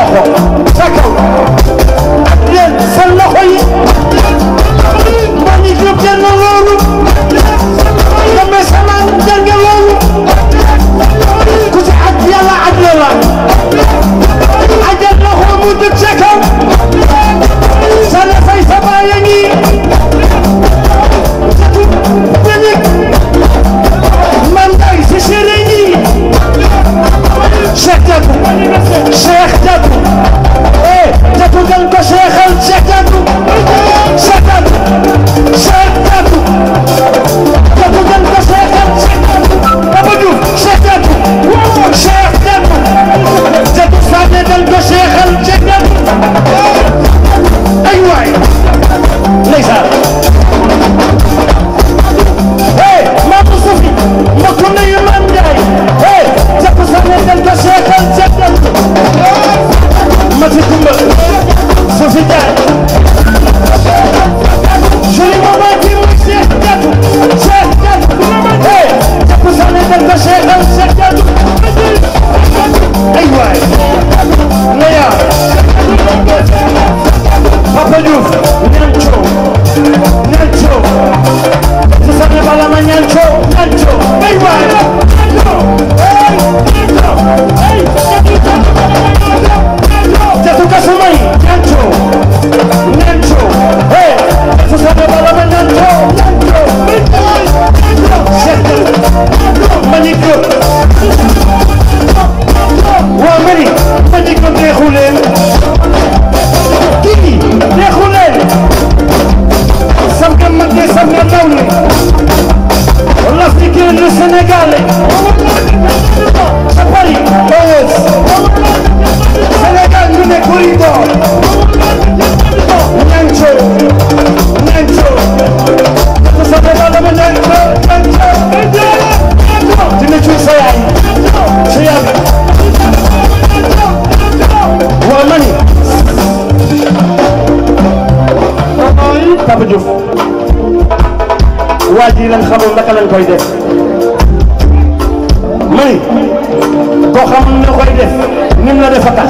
闹哄。lañ koy def mani ko xam def nim la defa tax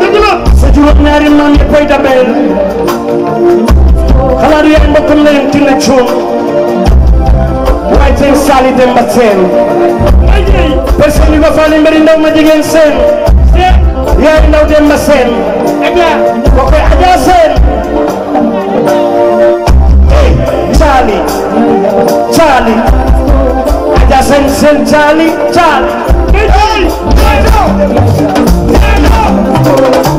dëgg la sa maam yi koy dabeel xanaa du yaay mbokkam la yem ci waaye seen saali dem seen personne yi ba faale mbiri ma jigéen seen yaay ndaw dem ba seen ko koy ajaa seen saali Charlie. I just ain't seen Charlie, Charlie. Hey, Hey, Hey,